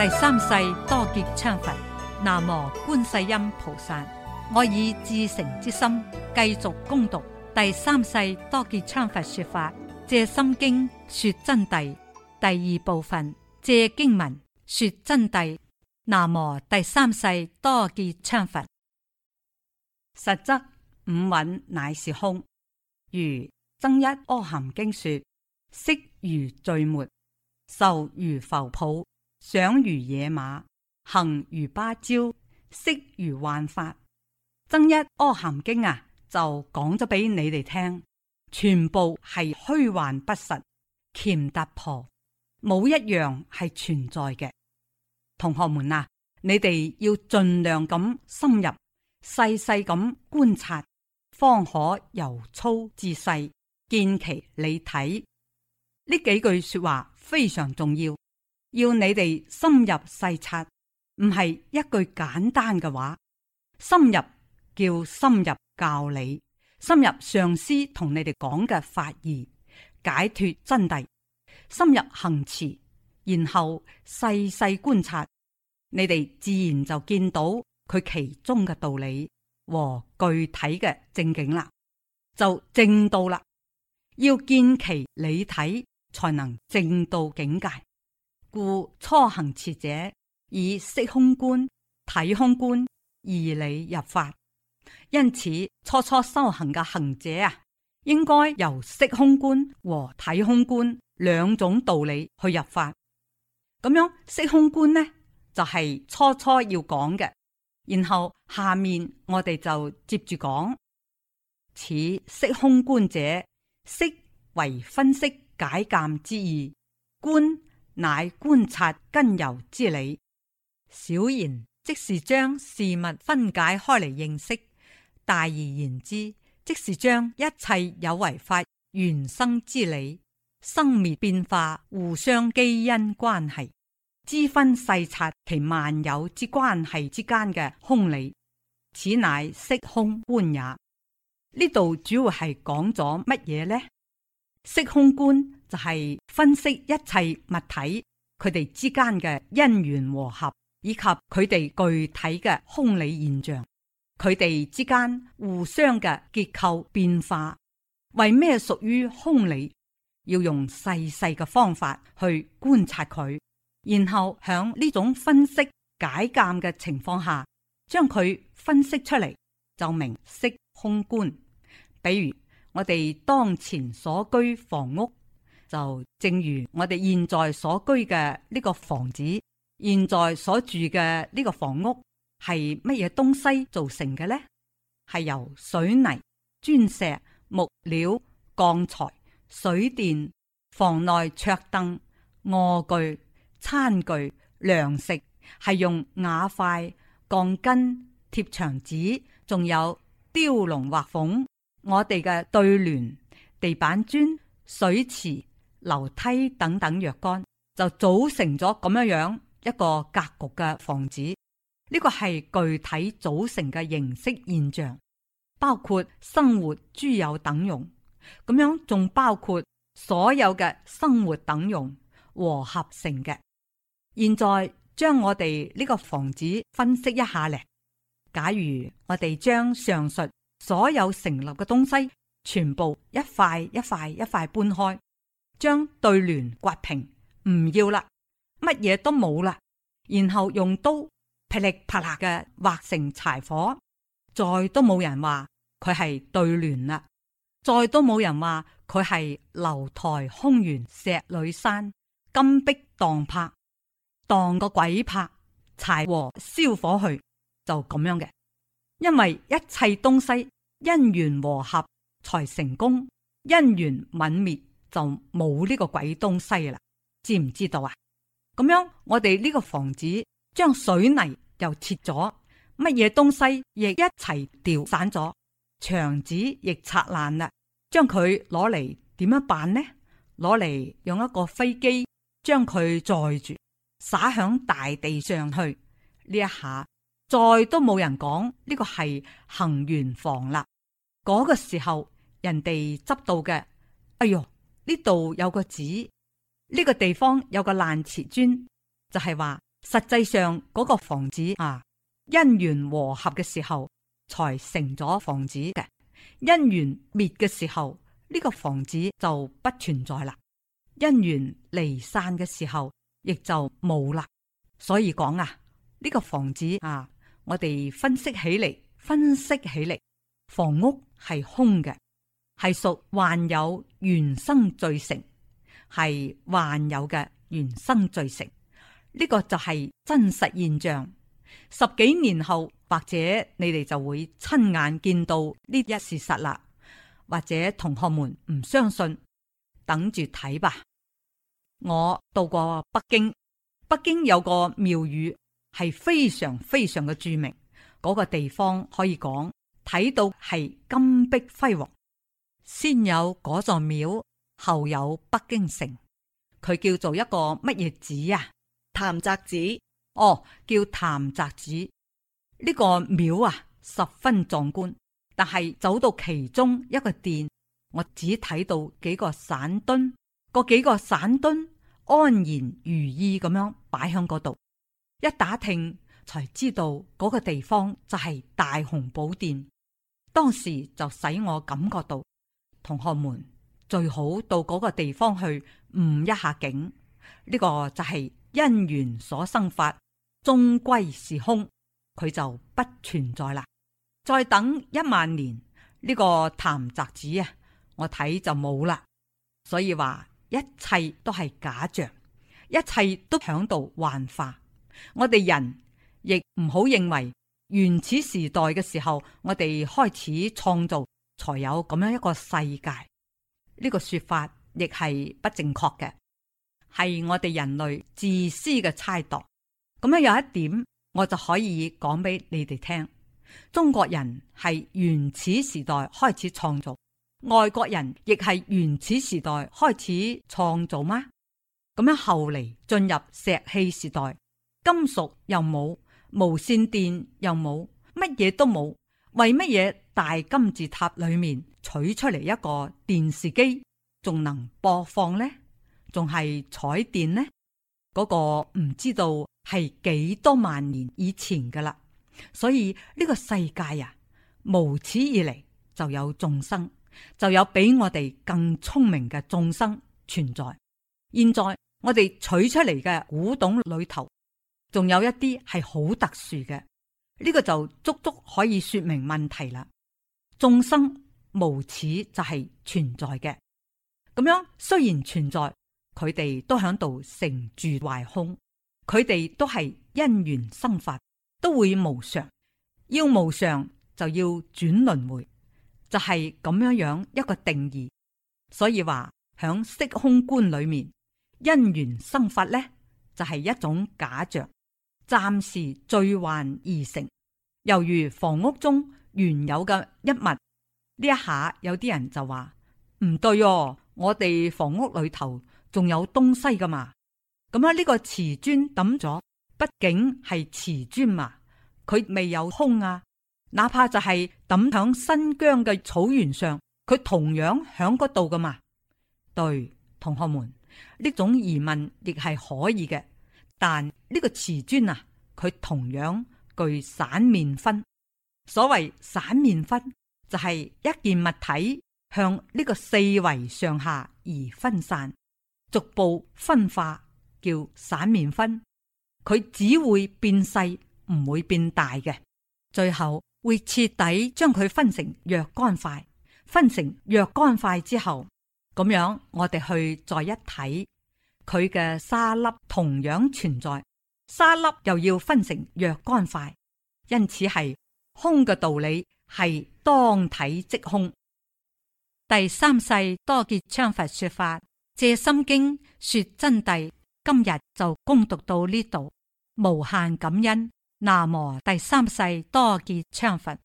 第三世多杰羌佛，南無觀世音菩薩。我以至誠之心繼續攻讀第三世多杰羌佛說法，藉心經說真諦第二部分，藉經文說真諦。南無第三世多杰羌佛。實則五蘊乃是空，如增一阿含經說：色如聚沫，受如浮泡。想如野馬，行如芭蕉，色如幻法。雜阿含經啊，就講咗俾你哋聽，全部係虛幻不實，乾闥婆，冇一樣係存在嘅。同學們啊，你哋要盡量咁深入，細細咁觀察，方可由粗至細，見其理體。呢幾句說話非常重要。要你哋深入細察，唔係一句簡單嘅話。深入叫深入教理，深入上師同你哋講嘅法義，解脱真諦，深入行持，然後細細觀察，你哋自然就見到佢其中嘅道理和具體嘅正境啦，就正到啦。要見其理體，才能正到境界。故初行持者以色空觀、體空觀而理入法，因此初初修行嘅行者啊，應該由色空觀和體空觀兩種道理去入法。咁樣色空觀呢，就係、是、初初要講嘅。然後下面我哋就接住講，此色空觀者，色為分析解鑒之意，觀。乃觀察根由之理，小言即是將事物分解開嚟認識；大而言之，即是將一切有為法緣生之理、生滅變化互相基因關係，知分細察其萬有之關係之間嘅空理，此乃色空觀也。呢度主要係講咗乜嘢呢？色空觀就係分析一切物體佢哋之間嘅因緣和合，以及佢哋具體嘅空理現象，佢哋之間互相嘅結構變化，為咩屬於空理？要用細細嘅方法去觀察佢，然後響呢種分析解鑒嘅情況下，將佢分析出嚟就名色空觀。比如。我哋當前所居房屋，就正如我哋現在所居嘅呢個房子，現在所住嘅呢個房屋係乜嘢東西造成嘅呢？係由水泥、磚石、木料、鋼材、水電、房內桌凳、臥具、餐具、糧食，係用瓦塊、鋼筋、貼牆紙，仲有雕龍畫鳳。我哋嘅對聯、地板磚、水池、樓梯等等若干，就組成咗咁樣樣一個格局嘅房子。呢、這個係具體組成嘅形式現象，包括生活諸有等用，咁樣仲包括所有嘅生活等用和合成嘅。現在將我哋呢個房子分析一下咧。假如我哋將上述所有成立嘅東西，全部一塊一塊一塊搬開，將對聯刮平，唔要啦，乜嘢都冇啦。然後用刀噼里啪啦嘅劃成柴火，再都冇人話佢係對聯啦，再都冇人話佢係樓台空懸石裏山，金碧蕩拍當個鬼拍柴禾燒火去，就咁樣嘅。因為一切東西因緣和合才成功，因緣泯滅就冇呢個鬼東西啦，知唔知道啊？咁樣我哋呢個房子將水泥又切咗，乜嘢東西亦一齊掉散咗，牆紙亦拆爛啦，將佢攞嚟點樣辦呢？攞嚟用一個飛機將佢載住，灑響大地上去呢一下。再都冇人講呢、這個係行緣房啦。嗰、那個時候人哋執到嘅，哎呦，呢度有個紙，呢、這個地方有個爛瓷磚，就係、是、話實際上嗰、那個房子啊，因緣和合嘅時候才成咗房子嘅，因緣滅嘅時候呢、這個房子就不存在啦，因緣離散嘅時候亦就冇啦。所以講啊，呢、這個房子啊。我哋分析起嚟，分析起嚟，房屋係空嘅，係屬患有原生罪成，係患有嘅原生罪成，呢個就係真實現象。十幾年後，或者你哋就會親眼見到呢一事實啦。或者同學們唔相信，等住睇吧。我到過北京，北京有個廟宇。係非常非常嘅著名嗰個地方，可以講睇到係金碧輝煌，先有嗰座廟，後有北京城。佢叫做一個乜嘢寺啊？潭柘寺哦，叫潭柘寺。呢個廟啊，十分壯觀，但係走到其中一個殿，我只睇到幾個散墩，嗰幾個散墩安然如意咁樣擺響嗰度。一打聽，才知道嗰個地方就係大雄寶殿。當時就使我感覺到，同學們最好到嗰個地方去悟一下境。呢、這個就係因緣所生法，終歸是空，佢就不存在啦。再等一萬年，呢、這個潭柘寺啊，我睇就冇啦。所以話，一切都係假象，一切都響度幻化。我哋人亦唔好認為原始時代嘅時候，我哋開始創造，才有咁樣一個世界。呢個說法亦係不正確嘅，係我哋人類自私嘅猜度。咁樣有一點，我就可以講俾你哋聽：中國人係原始時代開始創造，外國人亦係原始時代開始創造嗎？咁樣後嚟進入石器時代。金屬又冇，無線電又冇，乜嘢都冇，為乜嘢大金字塔裏面取出嚟一個電視機，仲能播放呢？仲係彩電呢？嗰、那個唔知道係幾多萬年以前噶啦，所以呢個世界呀、啊，無始以嚟就有眾生，就有比我哋更聰明嘅眾生存在。現在我哋取出嚟嘅古董裏頭，仲有一啲係好特殊嘅，呢個就足足可以說明問題啦。眾生無始就係存在嘅，咁樣雖然存在，佢哋都喺度成住壞空，佢哋都係因緣生法，都會無常。要無常就要轉輪迴，就係咁樣樣一個定義。所以話響色空觀裏面，因緣生法呢就係一種假象。暫時聚幻而成，猶如房屋中原有嘅一物。呢一下有啲人就話唔對哦，我哋房屋裏頭仲有東西噶嘛？咁啊，呢個瓷磚抌咗，畢竟係瓷磚嘛，佢未有空啊。哪怕就係抌響新疆嘅草原上，佢同樣響嗰度噶嘛。對，同學們，呢種疑問亦係可以嘅，但呢個瓷磚啊。佢同樣具散面分，所謂散面分就係一件物體向呢個四圍上下而分散，逐步分化叫散面分。佢只會變細，唔會變大嘅。最後會徹底將佢分成若干塊，分成若干塊之後，咁樣我哋去再一睇，佢嘅沙粒同樣存在。沙粒又要分成若干塊，因此係空嘅道理係當體即空。第三世多杰羌佛說法《藉心經》說真諦，今日就恭讀到呢度，無限感恩。南無第三世多杰羌佛。